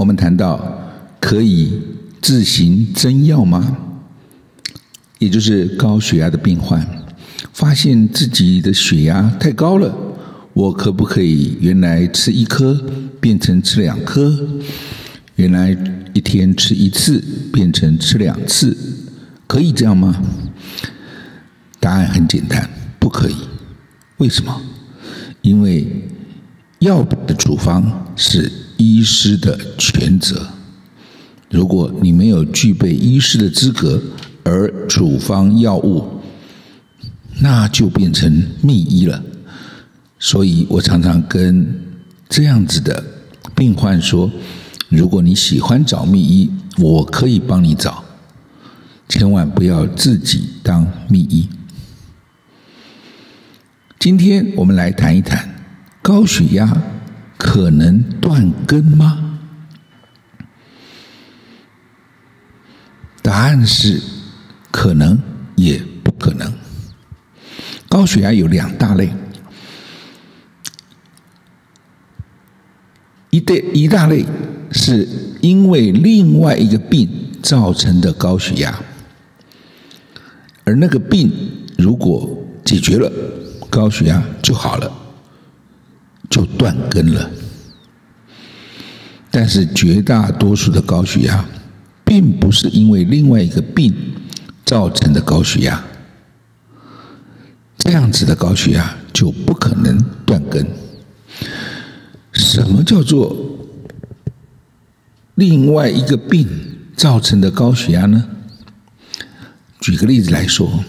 我們談到可以自行增藥嗎？也就是高血壓的病患，發現自己的血壓太高了，我可不可以原來吃一顆變成吃兩顆？原來一天吃一次變成吃兩次，可以這樣嗎？答案很簡單，不可以。為什麼？因為藥的處方是。醫師的權責，如果你沒有具備醫師的資格而處方藥物，那就變成密醫了。所以我常常跟這樣子的病患說：如果你喜歡找密醫，我可以幫你找，千萬不要自己當密醫。今天我們來談一談高血壓，可能斷根嗎？答案是可能，也不可能。高血壓有兩大類，一對一大類是因為另外一個病造成的高血壓，而那個病如果解決了，高血壓就好了。就斷根了，但是絕大多數的高血壓，並不是因為另外一個病造成的高血壓，這樣子的高血壓就不可能斷根。什麼叫做另外一個病造成的高血壓呢？舉個例子來說，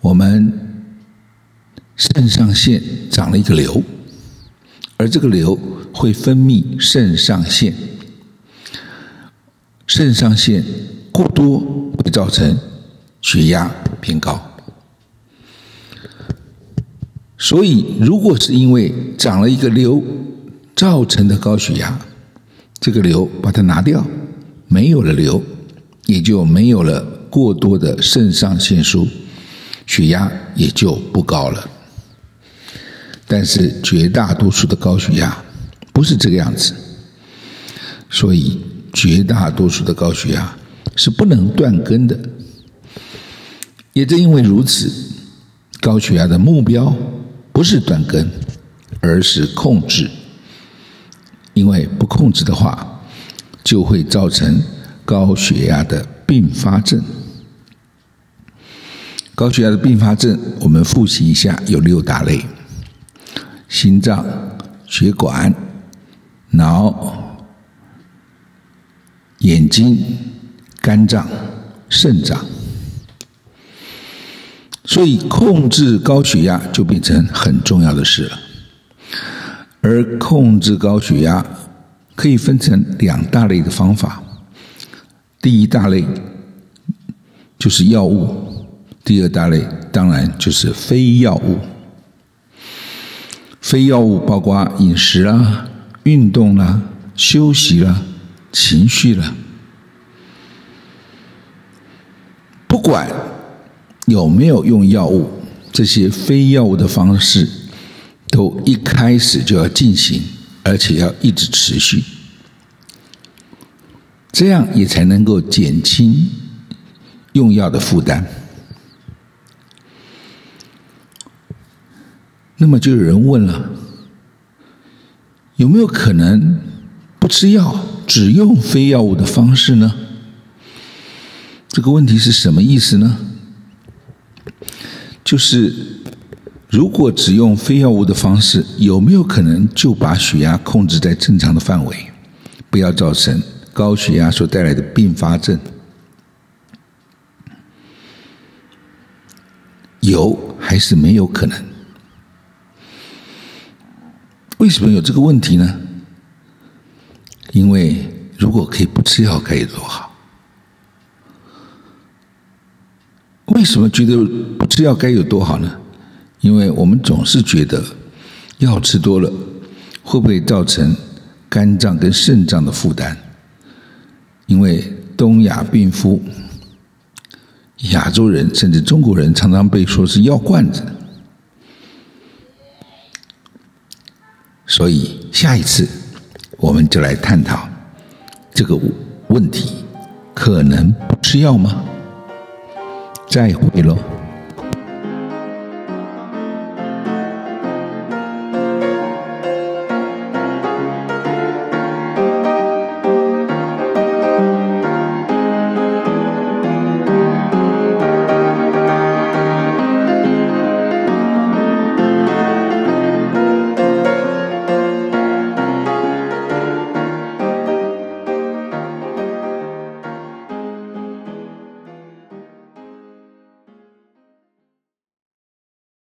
我們腎上腺長了一個瘤。而這個瘤會分泌腎上腺，腎上腺過多會造成血壓偏高。所以，如果是因為長了一個瘤造成的高血壓，這個瘤把它拿掉，沒有了瘤，也就沒有了過多的腎上腺素，血壓也就不高了。但是絕大多數的高血壓不是這個樣子，所以絕大多數的高血壓是不能斷根的。也正因為如此，高血壓的目標不是斷根，而是控制。因為不控制的話，就會造成高血壓的併發症。高血壓的併發症，我們複習一下，有六大類。心臟、血管、腦、眼睛、肝臟、腎臟，所以控制高血壓就變成很重要的事了。而控制高血壓可以分成兩大類的方法，第一大類就是藥物，第二大類當然就是非藥物。非藥物包括飲食啦、啊、運動啦、啊、休息啦、啊、情緒啦、啊，不管有沒有用藥物，這些非藥物的方式都一開始就要進行，而且要一直持續，這樣也才能夠減輕用藥的負擔。那麼就有人問了，有沒有可能不吃藥，只用非藥物的方式呢？這個問題是什麼意思呢？就是如果只用非藥物的方式，有沒有可能就把血壓控制在正常的範圍，不要造成高血壓所帶來的併發症？有還是沒有可能？為什麼有這個問題呢？因為如果可以不吃藥，該有多好。為什麼覺得不吃藥該有多好呢？因為我們總是覺得藥吃多了會不會造成肝臟跟腎臟的負擔。因為東亞病夫、亞洲人甚至中國人常常被說是藥罐子。所以下一次，我們就來探討這個問題：可能不吃藥嗎？再會嘍。